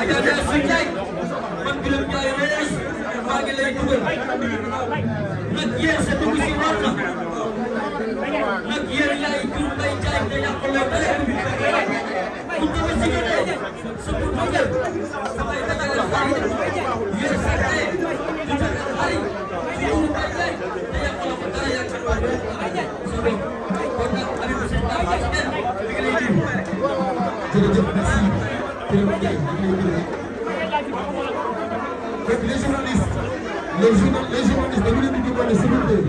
Aja Deme Sëñ Ndiaye man Birame Ndiaye Rees maa ngi lay dugal nag yéen sa dugg si war na nag yéen yaay jur mbay jaay te yàqule bële bu demee si nga tey sa pour ma jël samay dajale xarit yéen sa tey di dajale xarit di jur mbay jaay te yàqule ko dara yàqal waa kon nag Aliou Sène Ndiaye mi ngi lay déglu jërëjëf merci les journalistes, les journalistes, les journalistes, dañu leen di demander s'il vous plaît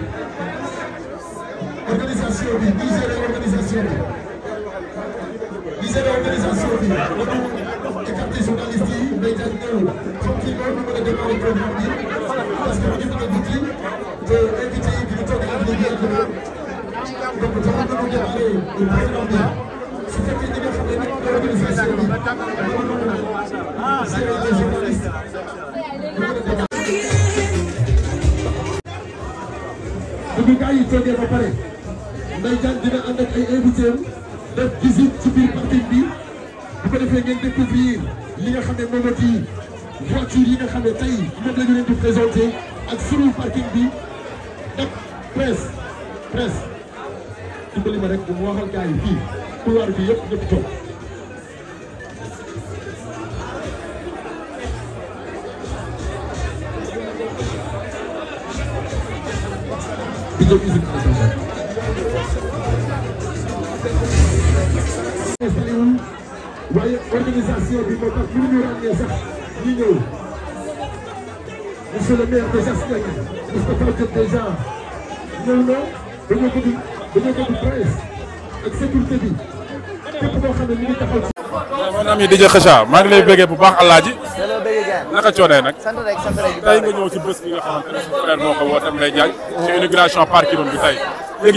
organisation bi ñi gérer organisation bi ñi gérer organisation bi dañu écarter journalistes yi mais dañu ñëw tranquillement ñu mën a démarrer programme bi parce que ñu mën a dugg te invité yi di toog ak liggéey ak donc dafa mën a démarrer programme bi su fekkee bu gaa yi toogee ba pare nday dina ànd ak def visite ci parking bi bu ko defee ngeen découvrir li nga xam ne moom yi nga xam ne tey moom la ak sunu parking bi ak presse presse dimbali ma rek mu waxal gaa yi fii couloir bi yëpp ñëpp toog waaye organisation bi moo tax ñu ñu ràññee sax ñu ñëw. monsieur le maire de Jastel Moustapha Diop déjà ñëw na dañoo ko di dañoo ko di presse ak sécurité bi képp koo xam ne ñu ngi taxaw ci. maa ngi lay bëggee bu baax Alaaji naka coonee nag. sant rek sant rek nga ñëw ci bés bi nga xamante ne suñu moo ko woo tam lay jaaj. ci inauguration parc bi tey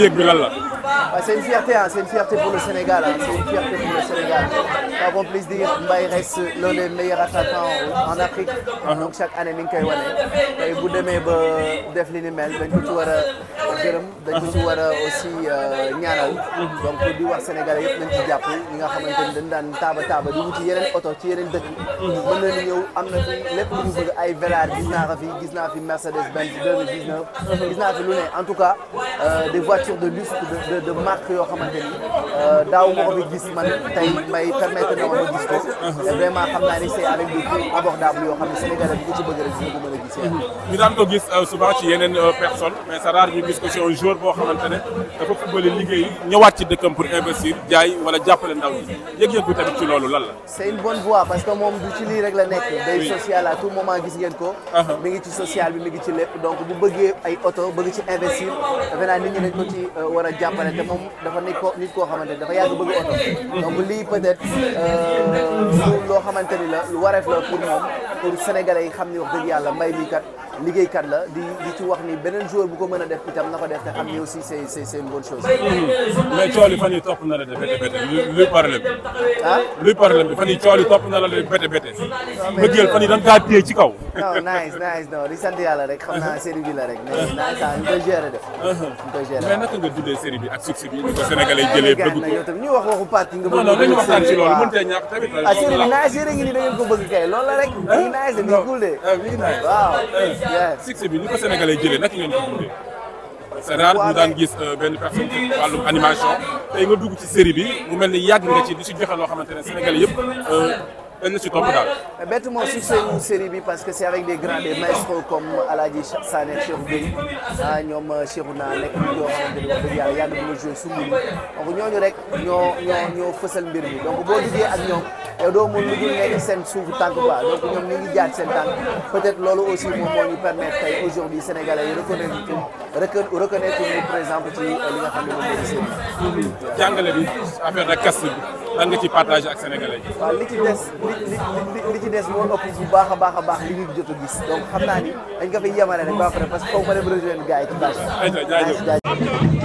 yëg bi lan la. waaw c'est une fierté ah c'est une fierté pour le Sénégal ah c'est une fierté pour le Sénégal ah qu'on Afrique. Uh-huh. chaque année mi ngi koy wane tey bu demee ba def li ni mel dañ ko ci war a. gërëm dañu ci war a aussi euh, ñaanal donc di wax sénégalais yëpp nañ ci jàpp ñi nga xamante ni dañ daan taaba taaba di wuti yeneen oto ci yeneen dëkk mën nañu ñëw am na fi lépp lu bëgg ay Velar gis naa a fi gis naa fi Mercedes Benz 2019 gis fi lu tout cas euh, des voitures de luxe de yoo xamante ni euh, daaw ma ko fi gis man tey may permettre na a ma gis ko vraiment xam naa ni c'est avec des prix abordables yoo xam ne sénégalais bi ko ci bëgg rek dina mën a gis ñu aussi un boo xamante ne dafa footballé liggéey ñëwaat ci dëkkam pour investir jaay wala jàppale ndaw bi tamit ci lan la. c'est une voie parce que moom du ci lii rek la nekk. day social à tout moment gis ngeen ko. Uh-huh. mi ngi ci bi mi ngi ci lépp donc bu bëggee ay oto bëgg ci investir defe naa nit ñi dañ ko ci euh, war a jàppale te moom dafa nekk ko nit koo ne dafa yàgg bëgg oto. Uh-huh. donc lii peut euh, loo xamante ni la lu wareef la pour moom pour sénégalais yi xam ni wax dëgg yàlla mbay mi kat. liggéeykat la di di ci ni beneen joueur bu ko mën a def itam na ko def te xam ni aussi c'est c'est c'est une bonne chose. mais coow li fan yii topp na la de bette bette luy problème bi. ah luy problème na la de bette bette. bëggeel fan yii dañ kaa téye ci kaw. non nice nice non di sant la rek. mais nice ah ñu koy gérer def. ak succès bi. ni ko Sénégalais yi jëlee bëgg ko yow tamit ñu wax waxu parti nga bëgg. non non nañu waxtaan ci loolu mënut a ñàkk tamit. ah série bi nice a ngi kay loolu la rek. mi ngi nice de succès bi ni ko sénégalais jëlee naka ngeen ko dundee. daan gis euh, benn personne ci wàllum animation tey nga dugg ci série bi mu mel ni yàgg nga ci di si joxe loo xamante ne sénégalais yëpp euh, si topp daal. bett moo succès wu bi parce que c'est avec des grands des maestros comme El Hadji Sané Cheikh ah, ñoom euh, Cheikhouna nekk nañu yoo xamante ni wax dëgg yàlla yàgg nañu joué suñu mbir donc ñooñu rek ñoo ñoo mbir mi donc boo liggéey ak ñoom. yow doo mun lu dul nekk seen suufu tànk quoi donc peut-être loolu aussi moom moo ñu permettre tey aujourd'hui sénégalais yi reconnaître reconnaître ñu par exemple ci li nga xam ne moom la ñu jàngale bi affaire nag kas bi lan nga ci partage ak sénégalais yi. waaw li ci des li li ci des moo ëpp bu baax a baax a baax li ñu jot a gis donc xam naa ni dañ ko fay yemale rek ba pare parce que foofu ma dem rejoindre gars yi ci bâche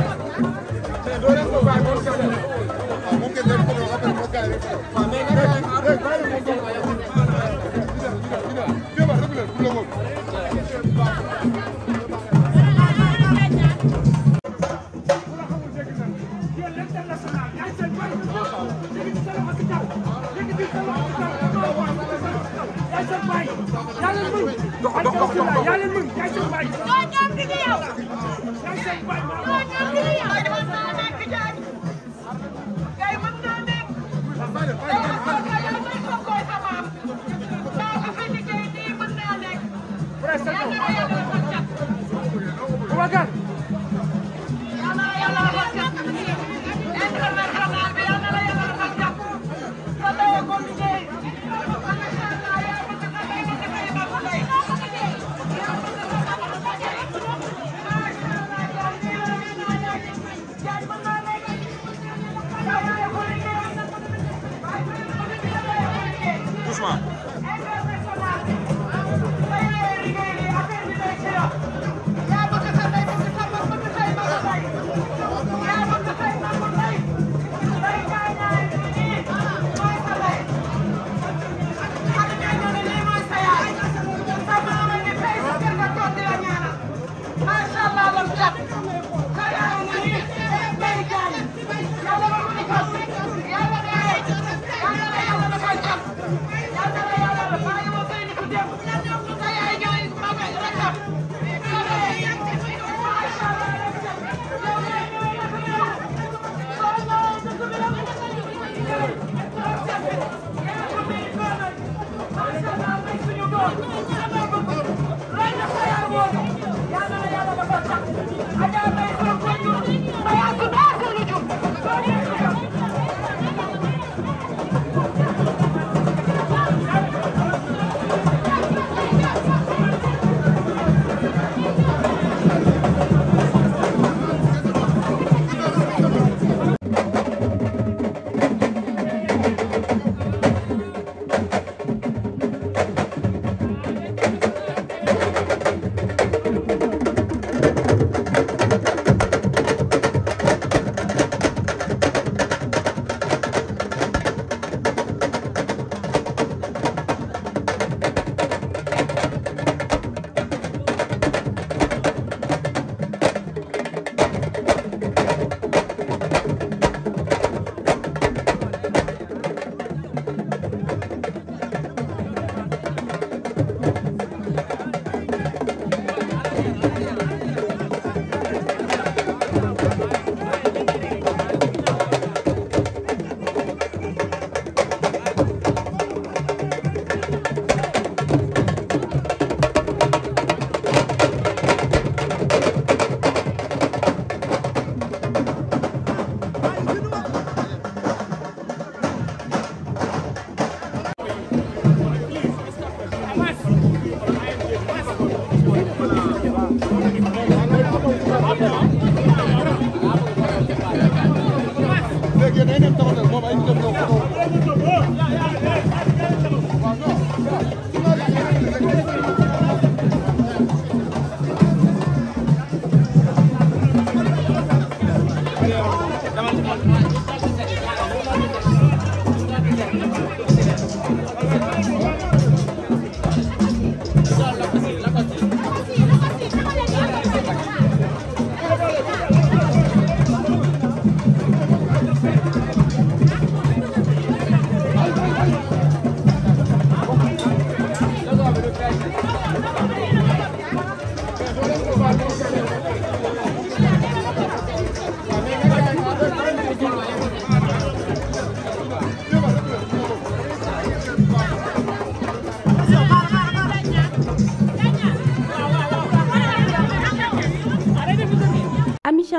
baay yaa leen mën. dox dox dox dox yaa leen mën yaay seen baay. doo doom bi di yow. yaay seen baay.